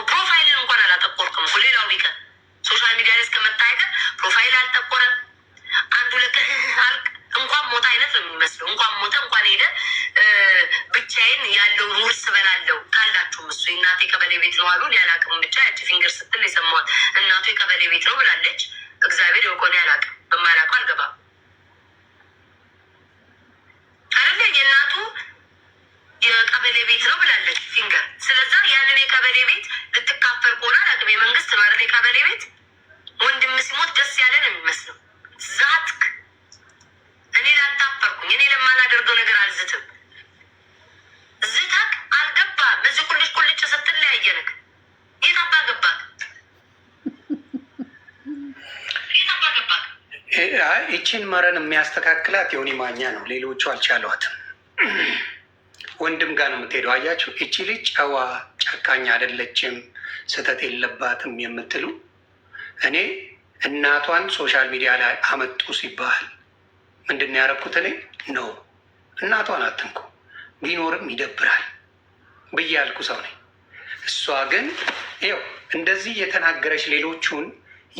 እኮ ፕሮፋይልን እንኳን አላጠቆርክም እኮ ሌላው ቢቀር ሶሻል ሚዲያ ላይ እስከመጣ አይቀር ፕሮፋይል አልጠቆረም። አንዱ ለቀ አልቅ እንኳን ሞታ አይነት ነው የሚመስለው። እንኳን ሞተ እንኳን ሄደ ብቻዬን ያለው ኑር ስበላለው ካላችሁም እሱ እናቴ ቀበሌ ቤት ነው አሉ ያላቅም ብቻ ያቺ ፊንገር ስትል የሰማዋት እናቱ የቀበሌ ቤት ነው ብላለች። እግዚአብሔር የቆኔ ያላቅም ይችን መረን የሚያስተካክላት የሆነ ማኛ ነው። ሌሎቹ አልቻሏትም። ወንድም ጋር ነው የምትሄደው። አያችሁ፣ እቺ ልጅ ጨዋ ጨካኝ አይደለችም፣ ስህተት የለባትም የምትሉ እኔ እናቷን ሶሻል ሚዲያ ላይ አመጡ ሲባል ምንድን ነው ያደረኩት? እኔ ነው እናቷን አትንኩ፣ ቢኖርም ይደብራል ብዬ ያልኩ ሰው ነኝ። እሷ ግን ይኸው እንደዚህ የተናገረች ሌሎቹን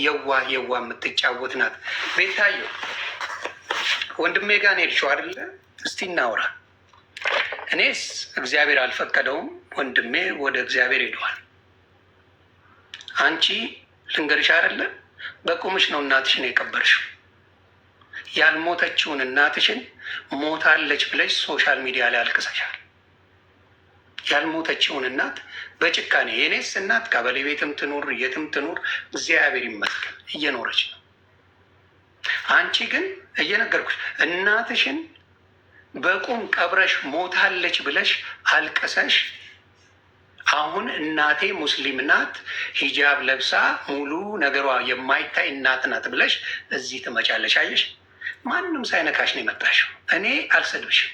የዋ የዋ የምትጫወት ናት። ቤታዩ ወንድሜ ጋር ሄድሽው አይደለ? እስቲ እናውራ። እኔስ እግዚአብሔር አልፈቀደውም፣ ወንድሜ ወደ እግዚአብሔር ሄደዋል። አንቺ ልንገርሽ አይደለ? በቁምሽ ነው እናትሽን የቀበርሽው። ያልሞተችውን እናትሽን ሞታለች ብለሽ ሶሻል ሚዲያ ላይ አልቅሰሻል። ያልሞተችውን እናት በጭካኔ የኔስ እናት ቀበሌ ቤትም ትኑር የትም ትኑር እግዚአብሔር ይመስገን እየኖረች ነው። አንቺ ግን እየነገርኩሽ እናትሽን በቁም ቀብረሽ ሞታለች ብለሽ አልቀሰሽ አሁን እናቴ ሙስሊም ናት፣ ሂጃብ ለብሳ ሙሉ ነገሯ የማይታይ እናት ናት ብለሽ እዚህ ትመጫለሽ። አየሽ፣ ማንም ሳይነካሽ ነው የመጣሽው። እኔ አልሰድብሽም።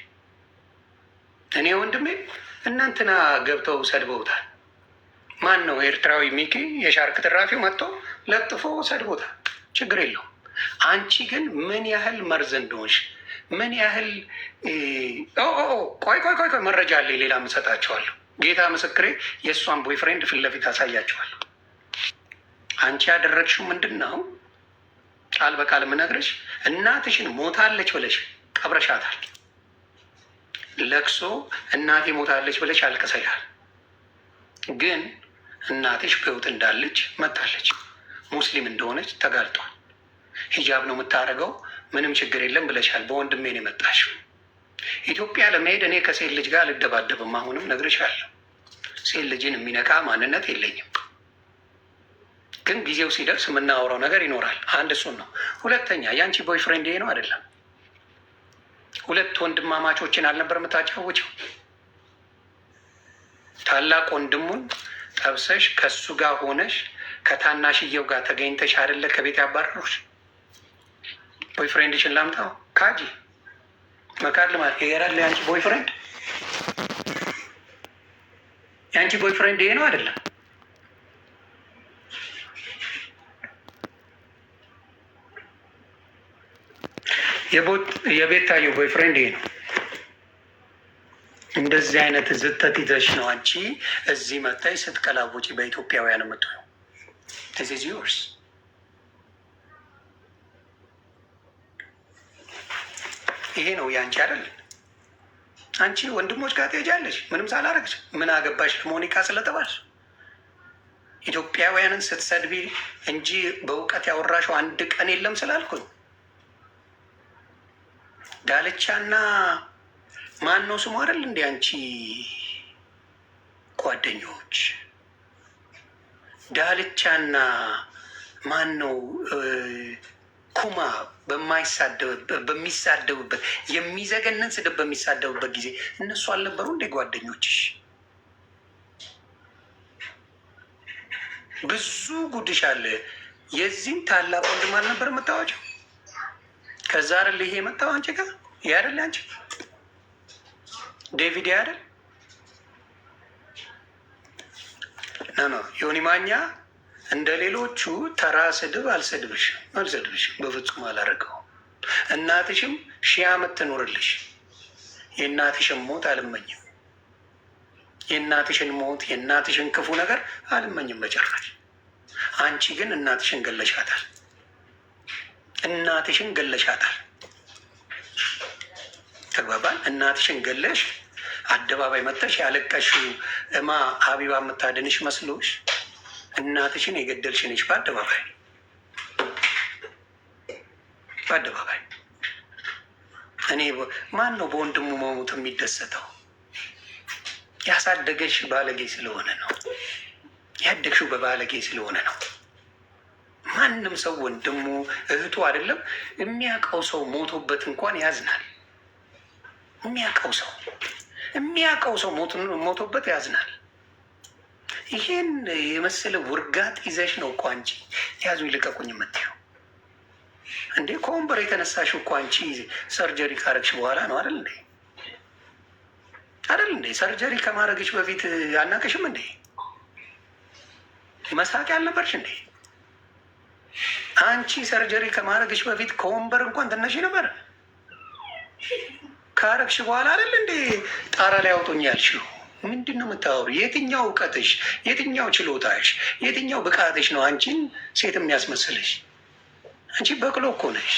እኔ ወንድሜ እናንትና ገብተው ሰድበውታል። ማን ነው ኤርትራዊ ሚኪ የሻርክ ትራፊው መጥቶ ለጥፎ ሰድቦታል። ችግር የለውም። አንቺ ግን ምን ያህል መርዝ እንደሆንሽ ምን ያህል ቆይ ቆይ ቆይ ቆይ መረጃ አለ ሌላ ምሰጣቸዋለሁ። ጌታ ምስክሬ የእሷን ቦይፍሬንድ ፊት ለፊት አሳያቸዋለሁ። አንቺ ያደረግሽው ምንድን ነው? ቃል በቃል የምነግርሽ እናትሽን ሞታለች ብለሽ ቀብረሻታል። ለቅሶ እናቴ ሞታለች ብለሽ አልቅሰሻል። ግን እናትሽ በውት እንዳለች መታለች፣ ሙስሊም እንደሆነች ተጋልጧል። ሂጃብ ነው የምታደርገው፣ ምንም ችግር የለም ብለሻል። በወንድሜ ነው የመጣሽው። ኢትዮጵያ ለመሄድ እኔ ከሴት ልጅ ጋር አልደባደብም። አሁንም ነግርሻለሁ፣ ሴት ልጅን የሚነካ ማንነት የለኝም። ግን ጊዜው ሲደርስ የምናወራው ነገር ይኖራል። አንድ እሱን ነው። ሁለተኛ የአንቺ ቦይፍሬንድ ይሄ ነው አይደለም ሁለት ወንድማማቾችን አልነበር የምታጫወቸው? ታላቅ ወንድሙን ጠብሰሽ ከሱ ጋር ሆነሽ ከታናሽየው ጋር ተገኝተሽ አይደለ ከቤት ያባረሩሽ? ቦይፍሬንድሽን ላምጣው ካጂ መካድ ልማት ይሄዳል። የአንቺ ቦይፍሬንድ የአንቺ ቦይፍሬንድ ይሄ ነው አይደለም? የቤታዩ ቦይፍሬንድ ይሄ ነው። እንደዚህ አይነት ዝተት ይዘሽ ነው አንቺ እዚህ መታይ ስትቀላቦጪ በኢትዮጵያውያን የምትሆነው። ዚስ ኢዝ ዮርስ ይሄ ነው የአንቺ አይደል? አንቺ ወንድሞች ጋር ትሄጃለሽ ምንም ሳላረግሽ። ምን አገባሽ ሞኒካ ስለተባልሽ ኢትዮጵያውያንን ስትሰድቢ እንጂ በእውቀት ያወራሽው አንድ ቀን የለም ስላልኩኝ ዳልቻና ማን ነው ስሙ አይደል እንዴ? አንቺ ጓደኛዎች ዳልቻና ማን ነው ኩማ በሚሳደብበት የሚዘገንን ስድብ በሚሳደብበት ጊዜ እነሱ አልነበሩ እንዴ ጓደኞችሽ? ብዙ ጉድሽ አለ። የዚህም ታላቅ ወንድም አልነበር የምታወጪው ከዛ አይደል ይሄ የመጣው አንቺ ጋር ይሄ አይደል አንቺ ዴቪድ አይደል ነ ነው ዮኒ ማኛ እንደ ሌሎቹ ተራ ስድብ አልሰድብሽም አልሰድብሽም በፍጹም አላደረገው። እናትሽም ሺህ ዓመት ትኖርልሽ። የእናትሽን ሞት አልመኝም። የእናትሽን ሞት የእናትሽን ክፉ ነገር አልመኝም በጭራሽ። አንቺ ግን እናትሽን ገለሻታል። እናትሽን ገለሻታል። ተግባባል። እናትሽን ገለሽ አደባባይ መጥተሽ ያለቀሽው እማ ሀቢባ የምታድንሽ መስሎሽ እናትሽን የገደልሽ ነሽ። በአደባባይ በአደባባይ እኔ ማን ነው በወንድሙ መሞት የሚደሰተው? ያሳደገሽ ባለጌ ስለሆነ ነው። ያደግሽው በባለጌ ስለሆነ ነው። ማንም ሰው ወንድሙ እህቱ አይደለም የሚያውቀው ሰው ሞቶበት እንኳን ያዝናል። የሚያውቀው ሰው የሚያውቀው ሰው ሞቶበት ያዝናል። ይህን የመሰለ ውርጋት ይዘሽ ነው እኮ አንቺ ያዙ ይልቀቁኝ የምትይው እንዴ? ከወንበር የተነሳሽ እኮ አንቺ ሰርጀሪ ካረግሽ በኋላ ነው አይደል እንዴ? አይደል እንዴ? ሰርጀሪ ከማረግሽ በፊት አናቅሽም እንዴ? መሳቂያ አልነበርሽ እንዴ? አንቺ ሰርጀሪ ከማረግሽ በፊት ከወንበር እንኳን ትነሽ ነበር። ካረግሽ በኋላ አይደል እንዴ ጣራ ላይ አውጡኝ ያልሽው? ምንድን ነው የምታወሩ? የትኛው እውቀትሽ፣ የትኛው ችሎታሽ፣ የትኛው ብቃትሽ ነው አንቺን ሴት የሚያስመስልሽ? አንቺ በቅሎ እኮ ነሽ።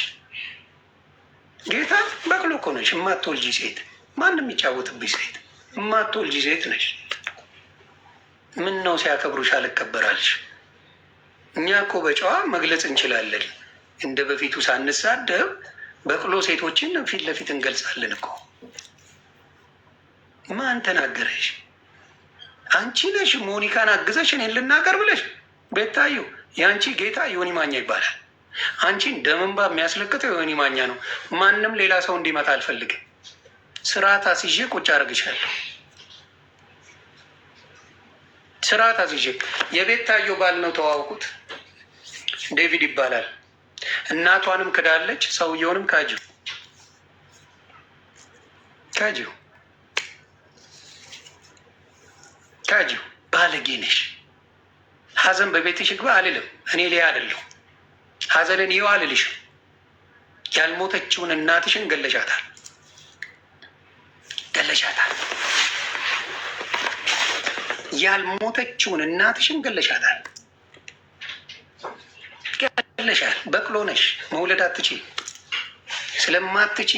ጌታ በቅሎ እኮ ነሽ። የማትወልጂ ሴት፣ ማንም የሚጫወትብሽ ሴት፣ የማትወልጂ ሴት ነሽ። ምን ነው ሲያከብሩሽ አልከበራልሽ እኛ እኮ በጨዋ መግለጽ እንችላለን። እንደ በፊቱ ሳንሳደብ በቅሎ ሴቶችን ፊት ለፊት እንገልጻለን እኮ። ማን ተናገረሽ? አንቺ ነሽ ሞኒካን አግዘሽ እኔን ልናገር ብለሽ። ቤታዩ የአንቺ ጌታ ዮኒ ማኛ ይባላል። አንቺን ደምንባ የሚያስለቅተው ዮኒ ማኛ ነው። ማንም ሌላ ሰው እንዲመጣ አልፈልግም። ስርዓት አስይዤ ቁጭ አድርግሻለሁ። ስርዓት አስይዤ የቤታዩ ባል ነው። ተዋውቁት። ዴቪድ ይባላል። እናቷንም ክዳለች፣ ሰውየውንም ካጅው ካጅው ካጅው። ባለጌ ነሽ። ሀዘን በቤትሽ ግባ አልልም እኔ ሊያ አደለሁ። ሀዘንን ይው አልልሽ። ያልሞተችውን እናትሽን ገለሻታል፣ ገለሻታል። ያልሞተችውን እናትሽን ገለሻታል። ለሻል በቅሎ ነሽ መውለድ አትች ስለማትች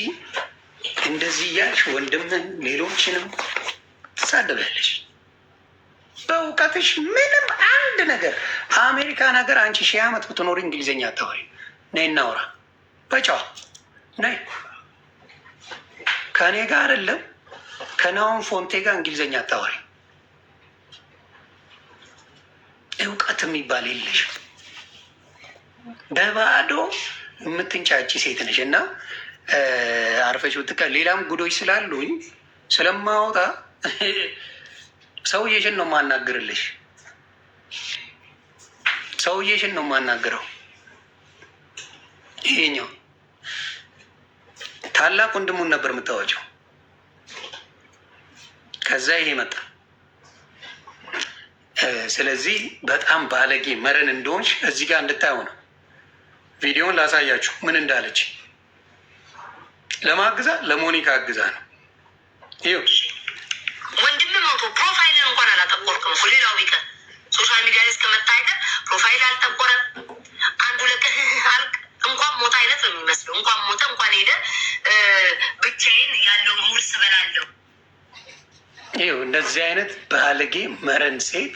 እንደዚህ እያልሽ ወንድምን ሌሎችንም ትሳደቢያለሽ። በእውቀትሽ ምንም አንድ ነገር አሜሪካ ነገር አንቺ ሺህ ዓመት ብትኖሪ እንግሊዝኛ አታወሪ። ነይ እናውራ በጫዋ ነይ ከእኔ ጋር አይደለም ከናውን ፎንቴ ጋር እንግሊዝኛ አታወሪ። እውቀት የሚባል የለሽም። በባዶ የምትንጫጭ ሴት ነሽ እና አርፈሽ ብትቀ ሌላም ጉዶች ስላሉኝ ስለማወጣ ሰውዬሽን ነው የማናግርልሽ። ሰውዬሽን ነው የማናግረው። ይሄኛው ታላቅ ወንድሙን ነበር የምታወጪው። ከዛ ይሄ መጣ። ስለዚህ በጣም ባለጌ መረን እንደሆንሽ እዚህ ጋር እንድታየው ነው። ቪዲዮውን ላሳያችሁ ምን እንዳለች። ለማግዛ ለሞኒካ አግዛ ነው። ይኸው ወንድም ሞቶ ፕሮፋይልን እንኳን አላጠቆርክም። ሌላው ቢቀር ሶሻል ሚዲያ ላይ እስከመጣ አይቀር ፕሮፋይል አልጠቆረም። አንዱ ለቀህ አልቅ እንኳን ሞታ አይነት ነው የሚመስለው። እንኳን ሞተ እንኳን ሄደ ብቻዬን ያለው ሙር ስበላለሁ። ይኸው እንደዚህ አይነት ባለጌ መረን ሴት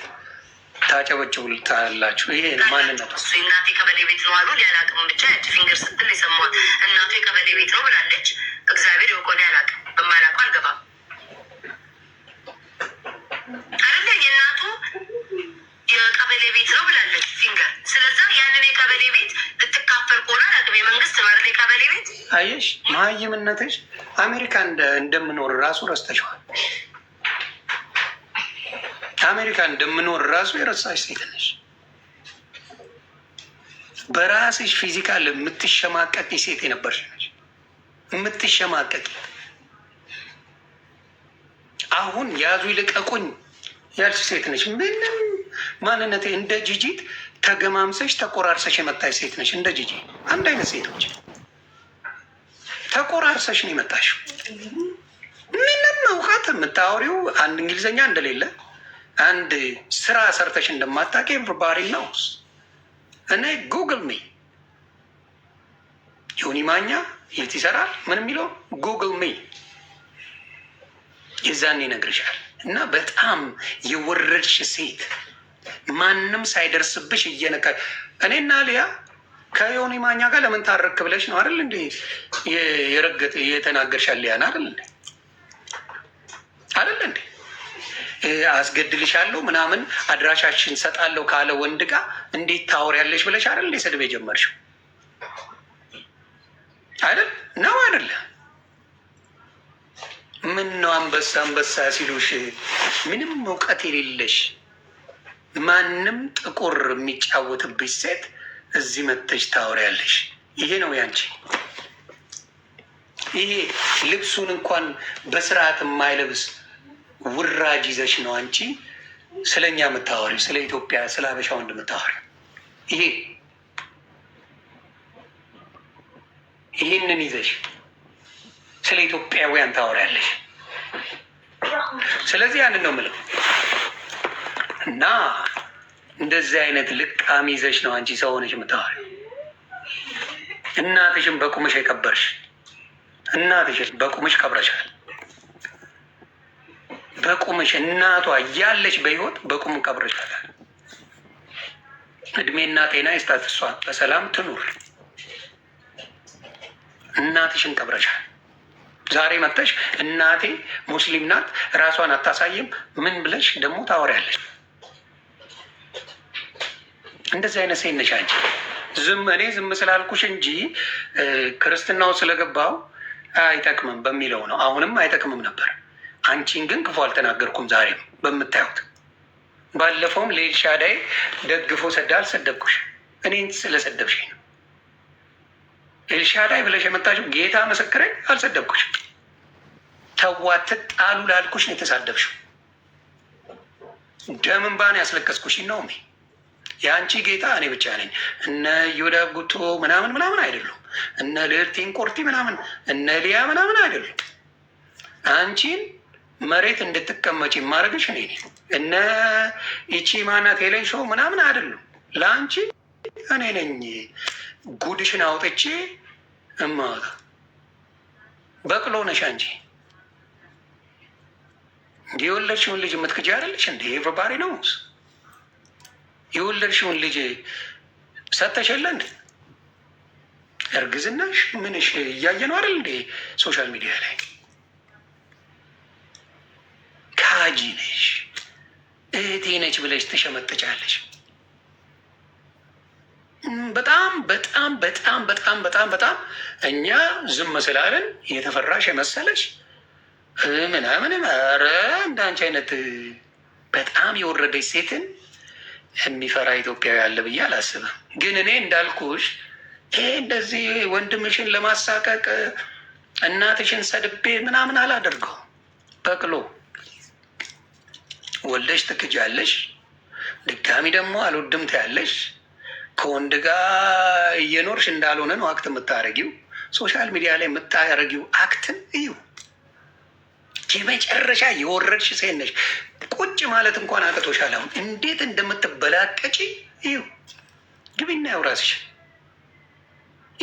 ታጨበጭቡልታላችሁ። ይሄ ማንነት እሱ እናቴ ቀበሌ ቤት ነው አሉ ሊያል አቅም ብቻ ያቺ ፊንገር ስትል የሰማሁት እናቱ የቀበሌ ቤት ነው ብላለች። እግዚአብሔር የወቆን ያል በማላቁ በማላውቀው አልገባም አይደለ የእናቱ የቀበሌ ቤት ነው ብላለች ፊንገር። ስለዛ ያንን የቀበሌ ቤት ልትካፈል ከሆነ አላውቅም የመንግስት ማለ የቀበሌ ቤት አየሽ፣ መሀይምነትሽ አሜሪካ እንደምኖር ራሱ ረስተሸዋል። አሜሪካ እንደምኖር ራሱ የረሳሽ ሴት ነሽ። በራስሽ ፊዚካል የምትሸማቀቂ ሴት የነበርሽ ነች። የምትሸማቀቂ አሁን ያዙ ይልቀቁኝ ያልሽ ሴት ነች። ምንም ማንነት እንደ ጅጂት ተገማምሰሽ ተቆራርሰሽ የመጣሽ ሴት ነች። እንደ ጅጂ አንድ አይነት ሴቶች ተቆራርሰሽ ነው የመጣሽው። ምንም እውቀት የምታወሪው አንድ እንግሊዝኛ እንደሌለ አንድ ስራ ሰርተሽ እንደማታውቂ ኤቨሪባዲ ኖውስ። እኔ ጉግል ሚ ዮኒ ማኛ የት ይሰራል ምን የሚለው ጉግል ሚ የዛን ይነግርሻል። እና በጣም የወረድሽ ሴት ማንም ሳይደርስብሽ እየነካ እኔና ሊያ ከዮኒ ማኛ ጋር ለምን ታረክ ብለሽ ነው አይደል እንዴ የረገጥ የተናገርሻል ሊያን አይደል እንዴ አይደል እንዴ አስገድልሻለሁ ምናምን አድራሻችን ሰጣለሁ ካለ ወንድ ጋር እንዴት ታወሪያለሽ ብለሽ አይደል እንዴ ስድብ የጀመርሽው አይደል ነው አይደለ? ምን ነው አንበሳ አንበሳ ሲሉሽ ምንም እውቀት የሌለሽ ማንም ጥቁር የሚጫወትብሽ ሴት እዚህ መተሽ ታወሪያለሽ። ይሄ ነው ያንቺ። ይሄ ልብሱን እንኳን በስርዓት የማይለብስ ውራጅ ይዘሽ ነው አንቺ ስለ እኛ የምታወሪ፣ ስለ ኢትዮጵያ፣ ስለ አበሻ ወንድ የምታወሪ። ይሄ ይህንን ይዘሽ ስለ ኢትዮጵያውያን ታወሪያለሽ። ስለዚህ ያንን ነው የምለው እና እንደዚህ አይነት ልቃሚ ይዘሽ ነው አንቺ ሰው ሆነሽ የምታወሪ። እናትሽን በቁምሽ የቀበርሽ እናትሽን በቁምሽ ቀብረሻል። በቁምሽ እናቷ እያለች በህይወት በቁም ቀብርሻታል። እድሜና ጤና ይስጣት፣ እሷ በሰላም ትኑር። እናትሽን ቀብረሻል። ዛሬ መጥተሽ እናቴ ሙስሊም ናት ራሷን አታሳይም ምን ብለሽ ደግሞ ታወሪያለሽ? እንደዚህ አይነት ሴት ነሽ አንቺ። ዝም እኔ ዝም ስላልኩሽ እንጂ ክርስትናው ስለገባው አይጠቅምም በሚለው ነው። አሁንም አይጠቅምም ነበር። አንቺን ግን ክፉ አልተናገርኩም። ዛሬም በምታዩት ባለፈውም ለኤልሻዳይ ደግፎ ሰዳ አልሰደብኩሽ፣ እኔን ስለሰደብሽ ነው። ኤልሻዳይ ብለሽ የመጣሽው ጌታ መሰክረኝ፣ አልሰደብኩሽ። ተዋ ትጣሉ ላልኩሽ ነው የተሳደብሽው። ደም እንባን ያስለቀስኩሽ ነው። ሜ የአንቺ ጌታ እኔ ብቻ ነኝ። እነ ዮዳ ጉቶ ምናምን ምናምን አይደሉም። እነ ልዕልቲን ቆርቲ ምናምን እነ ሊያ ምናምን አይደሉም። አንቺን መሬት እንድትቀመጭ የማደርግሽ እኔ ነኝ። እነ ይቺ ማናት ሄለን ሾው ምናምን አይደሉም። ለአንቺ እኔ ነኝ ጉድሽን አውጥቼ እማወጣ። በቅሎ ነሽ አንቺ። የወለድሽውን ልጅ የምትክጂ አይደለሽ እንደ ኤቨሪባዲ ነው። የወለድሽውን ልጅ ሰተሽ የለ እንደ እርግዝናሽ ምንሽ እያየ ነው አይደል እንደ ሶሻል ሚዲያ ላይ ካጂ ነሽ፣ እህቴ ነች ብለሽ ትሸመጥጫለሽ። በጣም በጣም በጣም በጣም በጣም በጣም እኛ ዝም ስላልን የተፈራሽ የመሰለች ምናምን። ኧረ እንዳንቺ አይነት በጣም የወረደች ሴትን የሚፈራ ኢትዮጵያዊ አለ ብዬ አላስብም። ግን እኔ እንዳልኩሽ ይሄ እንደዚህ ወንድምሽን ለማሳቀቅ እናትሽን ሰድቤ ምናምን አላደርገው በቅሎ ወልደሽ ትክጃለሽ። ድጋሚ ደግሞ አልወድም ትያለሽ። ከወንድ ጋር እየኖርሽ እንዳልሆነ ነው አክት የምታደረጊው። ሶሻል ሚዲያ ላይ የምታደረጊው አክትን እዩ። የመጨረሻ የወረድሽ ሴት ነሽ። ቁጭ ማለት እንኳን አቅቶሻል። አሁን እንዴት እንደምትበላቀጪ እዩ። ግቢና ያው ራስሽ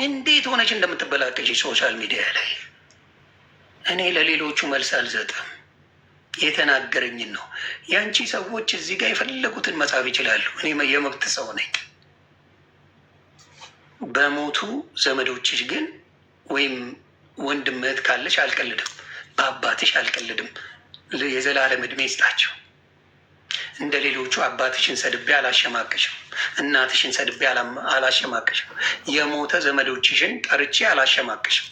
እንዴት ሆነች እንደምትበላቀጪ ሶሻል ሚዲያ ላይ። እኔ ለሌሎቹ መልስ አልሰጥም። የተናገረኝን ነው። የአንቺ ሰዎች እዚህ ጋር የፈለጉትን መጻፍ ይችላሉ። እኔ የመብት ሰው ነኝ። በሞቱ ዘመዶችሽ ግን ወይም ወንድምህት ካለሽ አልቀልድም፣ በአባትሽ አልቀልድም። የዘላለም ዕድሜ ይስጣቸው። እንደ ሌሎቹ አባትሽን ሰድቤ አላሸማቀሽም። እናትሽን ሰድቤ አላሸማቀሽም። የሞተ ዘመዶችሽን ጠርቼ አላሸማቀሽም።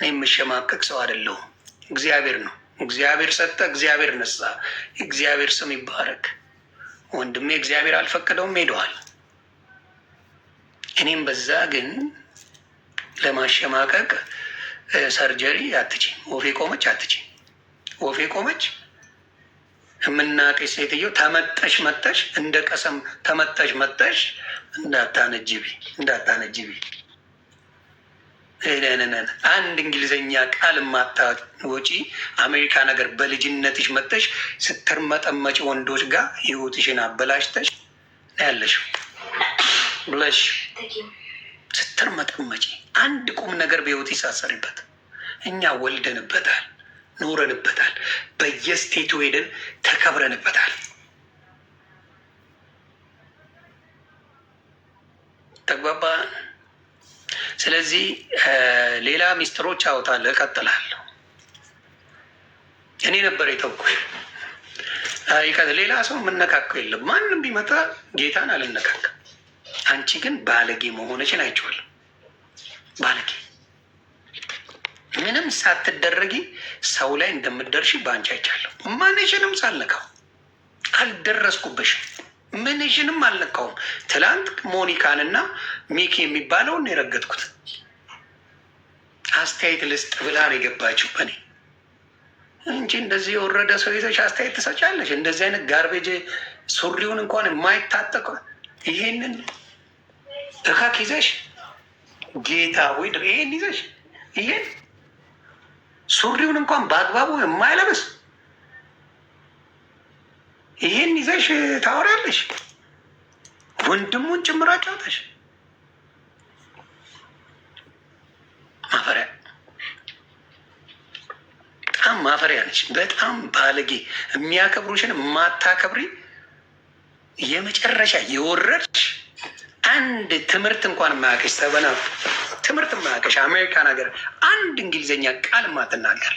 እኔ የምሸማቀቅ ሰው አይደለሁም። እግዚአብሔር ነው እግዚአብሔር ሰጠ፣ እግዚአብሔር ነሳ። እግዚአብሔር ስም ይባረክ። ወንድሜ እግዚአብሔር አልፈቀደውም ሄደዋል። እኔም በዛ ግን ለማሸማቀቅ ሰርጀሪ አትች ወፌ ቆመች አትች ወፌ ቆመች የምናቀች ሴትዮ ተመጠሽ መጠሽ እንደ ቀሰም ተመጠሽ መጠሽ እንዳታነጅቢ እንዳታነጅቢ አንድ እንግሊዘኛ ቃል ማታወጪ አሜሪካ ነገር በልጅነትሽ መጠሽ ስትርመጠመጭ ወንዶች ጋር ህይወትሽን አበላሽተሽ ያለሽ ብለሽ ስትርመጠመጭ አንድ ቁም ነገር በህይወት ይሳሰርበት። እኛ ወልደንበታል፣ ኖረንበታል፣ በየስቴቱ ሄደን ተከብረንበታል። ተግባባ ስለዚህ ሌላ ሚስጥሮች አውጣል እቀጥላለሁ። እኔ ነበር የተውኩሽ። ሌላ ሰው የምነካከው የለም። ማንም ቢመጣ ጌታን አልነካከም። አንቺ ግን ባለጌ መሆነችን አይቼዋለሁ። ባለጌ ምንም ሳትደረጊ ሰው ላይ እንደምደርሽ በአንቺ አይቻለሁ። ማንሽንም ሳልነካው አልደረስኩበሽም። ምንሽንም አልነካውም። ትላንት ሞኒካንና ሚኪ የሚባለውን የረገጥኩት አስተያየት ልስጥ ብላ ነው የገባችው በኔ እንጂ እንደዚህ የወረደ ሰው ይዘሽ አስተያየት ትሰጫለሽ? እንደዚህ አይነት ጋርቤጅ ሱሪውን እንኳን የማይታጠቀ ይሄንን እካክ ይዘሽ ጌታ ወይ ይሄን ይዘሽ ይሄን ሱሪውን እንኳን በአግባቡ የማይለብስ ይሄን ይዘሽ ታወሪያለሽ? ወንድሙን ጭምራጫውታሽ በጣም ማፈሪያ ነች። በጣም ባለጌ፣ የሚያከብሩሽን ማታከብሪ፣ የመጨረሻ የወረድሽ አንድ ትምህርት እንኳን ማያቀሽ ሰበና ትምህርት ማያቀሽ አሜሪካን ሀገር አንድ እንግሊዝኛ ቃል ማትናገር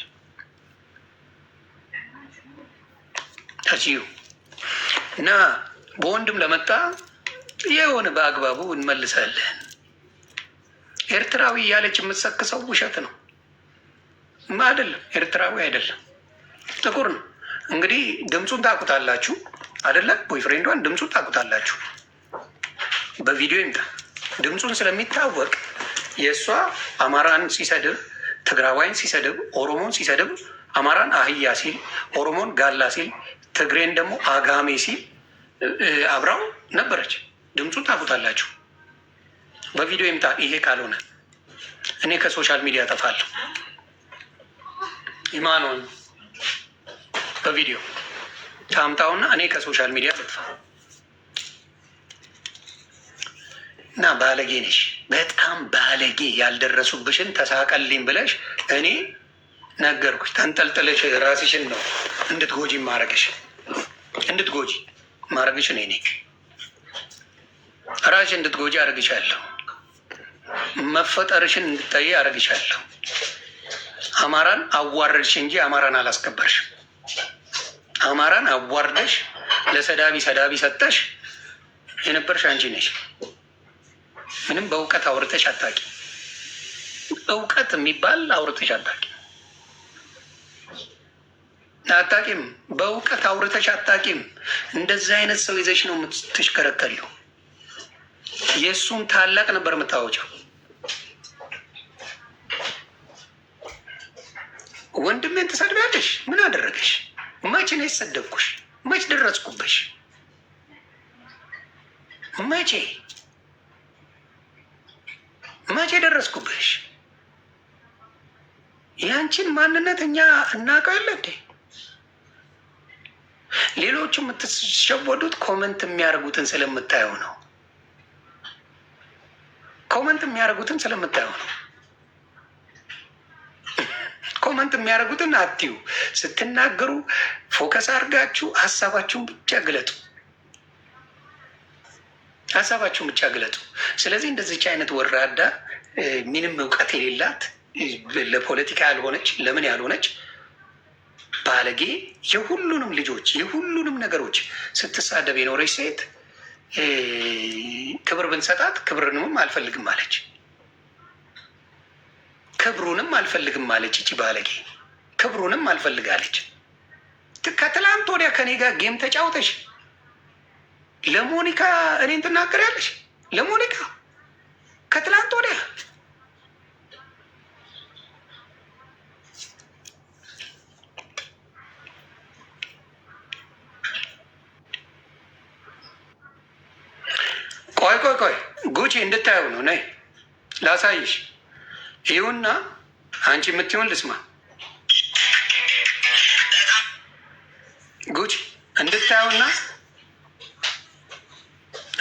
እና በወንድም ለመጣ የሆነ በአግባቡ እንመልሳለን። ኤርትራዊ እያለች የምትሰክሰው ውሸት ነው። አይደለም፣ ኤርትራዊ አይደለም፣ ጥቁር ነው። እንግዲህ ድምፁን ታቁታላችሁ አይደለም? ቦይፍሬንዷን ድምፁን ታቁታላችሁ። በቪዲዮ ይምጣ። ድምፁን ስለሚታወቅ የእሷ አማራን ሲሰድብ፣ ትግራዋይን ሲሰድብ፣ ኦሮሞን ሲሰድብ፣ አማራን አህያ ሲል፣ ኦሮሞን ጋላ ሲል፣ ትግሬን ደግሞ አጋሜ ሲል አብራው ነበረች። ድምፁን ታቁታላችሁ። በቪዲዮ ይምጣ። ይሄ ካልሆነ እኔ ከሶሻል ሚዲያ ጠፋለሁ። ኢማኖን በቪዲዮ ታምጣውና እኔ ከሶሻል ሚዲያ ጥፋ እና ባለጌ ነሽ፣ በጣም ባለጌ። ያልደረሱብሽን ተሳቀልኝ ብለሽ እኔ ነገርኩሽ። ተንጠልጥለሽ ራስሽን ነው እንድትጎጂ ማረግሽ እንድትጎጂ ማረግሽ እኔ ነኝ። ራስሽ እንድትጎጂ አረግሻለሁ። መፈጠርሽን እንድታይ አረግሻለሁ። አማራን አዋረድሽ እንጂ አማራን አላስከበርሽ። አማራን አዋርደሽ ለሰዳቢ ሰዳቢ ሰጠሽ የነበርሽ አንቺ ነሽ። ምንም በእውቀት አውርተሽ አታቂ። እውቀት የሚባል አውርተሽ አታቂ አታቂም። በእውቀት አውርተሽ አታቂም። እንደዚህ አይነት ሰው ይዘሽ ነው የምትሽከረከሪው። የእሱን ታላቅ ነበር የምታወጫው ወንድሜን ትሰድቢያለሽ? ምን አደረገሽ? መቼ ነው የሰደብኩሽ? መች ደረስኩበሽ? መቼ መቼ ደረስኩበሽ? ያንቺን ማንነት እኛ እናውቃለን እንዴ? ሌሎቹ የምትሸወዱት ኮመንት የሚያደርጉትን ስለምታየው ነው። ኮመንት የሚያደርጉትን ስለምታየው ነው። ኮመንት የሚያደርጉትን አትዩ። ስትናገሩ ፎከስ አድርጋችሁ ሀሳባችሁን ብቻ ግለጡ። ሀሳባችሁን ብቻ ግለጡ። ስለዚህ እንደዚች አይነት ወራዳ ምንም እውቀት የሌላት ለፖለቲካ ያልሆነች ለምን ያልሆነች ባለጌ የሁሉንም ልጆች የሁሉንም ነገሮች ስትሳደብ የኖረች ሴት ክብር ብንሰጣት ክብርንም አልፈልግም አለች። ክብሩንም አልፈልግም አለች። እቺ ባለጌ ክብሩንም አልፈልጋለች። ከትላንት ወዲያ ከኔ ጋር ጌም ተጫውተሽ ለሞኒካ እኔን ትናገሪያለሽ። ለሞኒካ ከትላንት ወዲያ ቆይ ቆይ ቆይ ጉቺ እንድታየው ነው ነይ ላሳይሽ። ይሁና አንቺ የምትሆን ልስማ ጉጭ እንድታየውና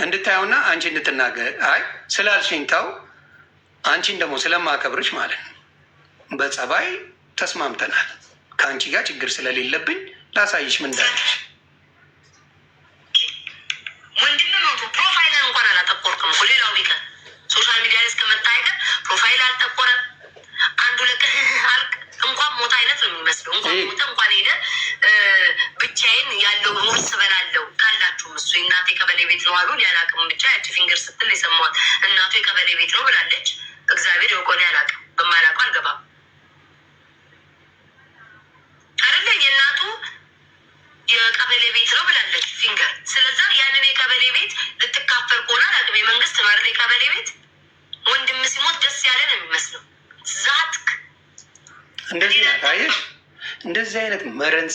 እንድታየውና አንቺ እንድትናገር አይ ስላልሽኝ ተው። አንቺን ደግሞ ስለማከብርሽ ማለት ነው። በጸባይ ተስማምተናል። ከአንቺ ጋር ችግር ስለሌለብኝ ላሳይሽ ምን እንዳለሽ ወንድም ሞቱ ፕሮፋይል እንኳን አላጠቆርክም ሌላው ቦታ እንኳን ሄደ ብቻዬን ያለው ሙር በላለው ካላችሁ እሱ እናቴ የቀበሌ ቤት ነው አሉ ያላቅም ብቻ ያቺ ፊንገር ስትል የሰማት እናቱ የቀበሌ ቤት ነው ብላለች። እግዚአብሔር የቆኔ ያላቅም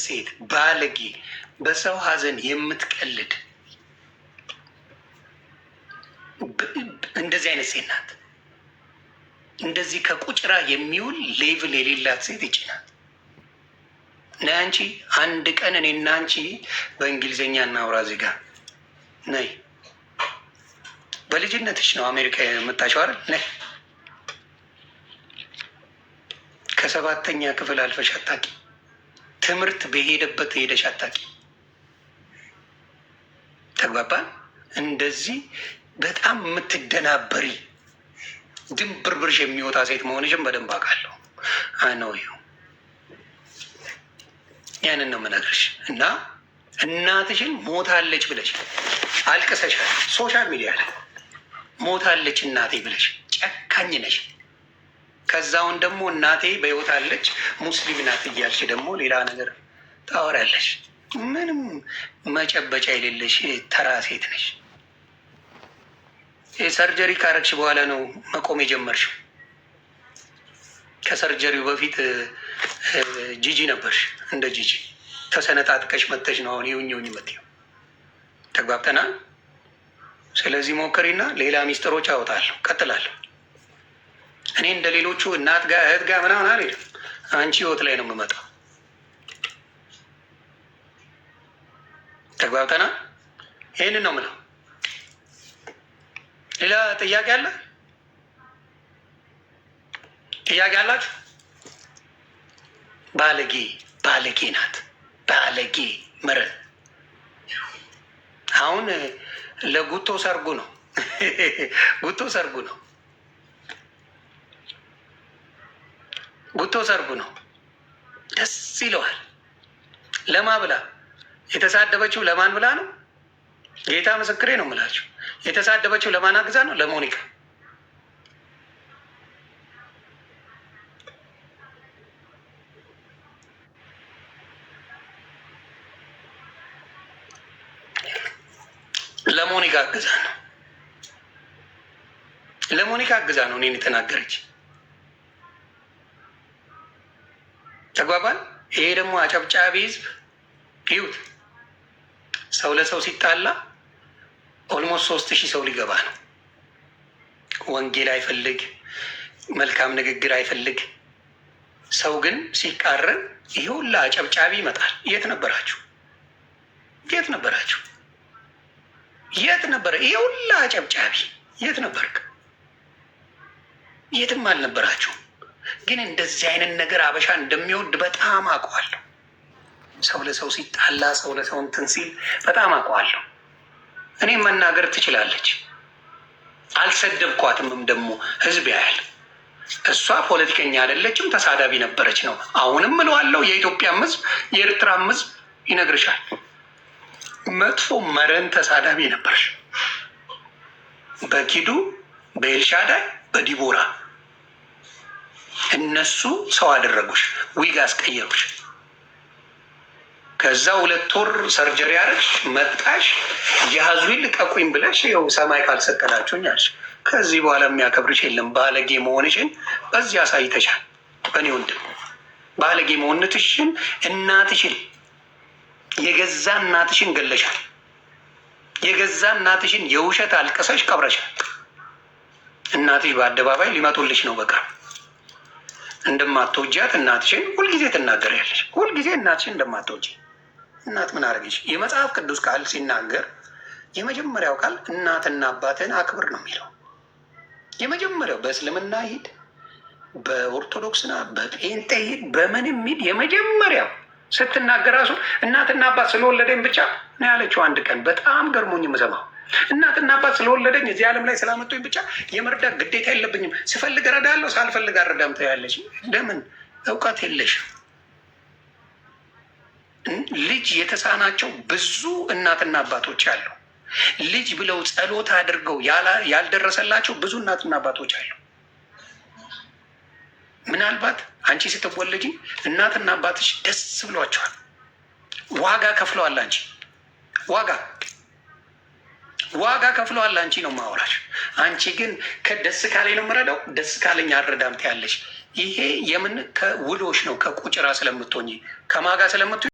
ሴት ባለጌ፣ በሰው ሀዘን የምትቀልድ እንደዚህ አይነት ሴት ናት። እንደዚህ ከቁጭራ የሚውል ሌቭል የሌላት ሴት ይችላል። ነይ አንቺ አንድ ቀን እኔና አንቺ በእንግሊዝኛ እናውራ ዜጋ ነይ። በልጅነትሽ ነው አሜሪካ የመጣችው አይደል? ነይ ከሰባተኛ ክፍል አልፈሽ አታውቂም። ትምህርት በሄደበት ሄደሽ አታውቂም። ተግባባን። እንደዚህ በጣም የምትደናበሪ ድንብርብርሽ የሚወጣ ሴት መሆንሽን በደንብ አውቃለሁ። አነው ይሁ ያንን ነው የምነግርሽ። እና እናትሽን ሞታለች ብለሽ አልቅሰሻል፣ ሶሻል ሚዲያ ላይ ሞታለች እናቴ ብለሽ ጨካኝ ነሽ። ከዛውን ደግሞ እናቴ በህይወት አለች ሙስሊም ናት እያልሽ ደግሞ ሌላ ነገር ታወራለሽ። ምንም መጨበጫ የሌለሽ ተራ ሴት ነሽ። የሰርጀሪ ካረግሽ በኋላ ነው መቆም የጀመርሽው። ከሰርጀሪው በፊት ጂጂ ነበርሽ። እንደ ጂጂ ተሰነጣጥቀሽ መተሽ ነው አሁን ይውኝውኝ መት ተግባብተናል። ስለዚህ ሞከሪና ሌላ ሚስጥሮች አወጣለሁ። ቀጥላለሁ እኔ እንደ ሌሎቹ እናት ጋር እህት ጋ ምናምን አልሄድም። አንቺ ህይወት ላይ ነው የምመጣው። ተግባብተና ይህንን ነው ምለው። ሌላ ጥያቄ አለ? ጥያቄ አላችሁ? ባለጌ ባለጌ ናት። ባለጌ ምር አሁን ለጉቶ ሰርጉ ነው። ጉቶ ሰርጉ ነው። ጉቶ ሰርጉ ነው። ደስ ይለዋል። ለማ ብላ የተሳደበችው ለማን ብላ ነው? ጌታ ምስክሬ ነው የምላችሁ። የተሳደበችው ለማን አግዛ ነው? ለሞኒካ ለሞኒካ አግዛ ነው። ለሞኒካ አግዛ ነው እኔን የተናገረች ተጓባል ይሄ ደግሞ አጨብጫቢ ህዝብ ይዩት። ሰው ለሰው ሲጣላ ኦልሞስት ሶስት ሺህ ሰው ሊገባ ነው። ወንጌል አይፈልግ፣ መልካም ንግግር አይፈልግ። ሰው ግን ሲቃረን ይሄ ሁላ አጨብጫቢ ይመጣል። የት ነበራችሁ? የት ነበራችሁ? የት ነበረ? ይሄ ሁላ አጨብጫቢ የት ነበርክ? የትም አልነበራችሁም። ግን እንደዚህ አይነት ነገር አበሻ እንደሚወድ በጣም አውቀዋለሁ። ሰው ለሰው ሲጣላ፣ ሰው ለሰው እንትን ሲል በጣም አውቀዋለሁ። እኔ መናገር ትችላለች፣ አልሰደብኳትምም። ደግሞ ህዝብ ያያል። እሷ ፖለቲከኛ አይደለችም፣ ተሳዳቢ ነበረች ነው። አሁንም እለዋለሁ፣ የኢትዮጵያም ህዝብ የኤርትራም ህዝብ ይነግርሻል። መጥፎ መረን ተሳዳቢ ነበረች በኪዱ በኤልሻዳይ በዲቦራ እነሱ ሰው አደረጉሽ፣ ዊግ አስቀየሩሽ። ከዛ ሁለት ወር ሰርጀሪ አረግሽ፣ መጣሽ፣ ጃሃዙን ልቀቁኝ ብለሽ ይኸው ሰማይ ካልሰቀላችሁኝ አለሽ። ከዚህ በኋላ የሚያከብርሽ የለም። ባለጌ መሆንሽን በዚህ አሳይተሻል። በእኔ ወንድም ባለጌ መሆንትሽን እናትሽን የገዛ እናትሽን ገለሻል። የገዛ እናትሽን የውሸት አልቅሰሽ ቀብረሻል። እናትሽ በአደባባይ ሊመጡልሽ ነው በቃ እንደማትወጃት እናትሽን ሁልጊዜ ትናገሪያለሽ። ሁልጊዜ እናትሽን እንደማትወጂ እናት ምን አድርግሽ? የመጽሐፍ ቅዱስ ቃል ሲናገር የመጀመሪያው ቃል እናትና አባትን አክብር ነው የሚለው። የመጀመሪያው በእስልምና ሂድ፣ በኦርቶዶክስና በጴንጤ ሂድ፣ በምንም ሂድ የመጀመሪያው ስትናገር ራሱ እናትና አባት ስለወለደኝ ብቻ ነው ያለችው። አንድ ቀን በጣም ገርሞኝ የምሰማው እናትና አባት ስለወለደኝ እዚህ ዓለም ላይ ስላመጡኝ ብቻ የመርዳት ግዴታ የለብኝም። ስፈልግ እረዳለሁ፣ ሳልፈልግ አረዳም ትያለች። ለምን እውቀት የለሽ ልጅ የተሳናቸው ብዙ እናትና አባቶች አሉ። ልጅ ብለው ጸሎት አድርገው ያልደረሰላቸው ብዙ እናትና አባቶች አሉ። ምናልባት አንቺ ስትወለጂ እናትና አባትሽ ደስ ብሏቸዋል። ዋጋ ከፍለዋል። አንቺ ዋጋ ዋጋ ከፍለዋል። አንቺ ነው ማወራሽ። አንቺ ግን ከደስ ካለኝ ነው የምረዳው፣ ደስ ካለኝ አልረዳም ትያለሽ። ይሄ የምን ከውሎሽ ነው? ከቁጭራ ስለምትሆኝ ከማጋ ስለምት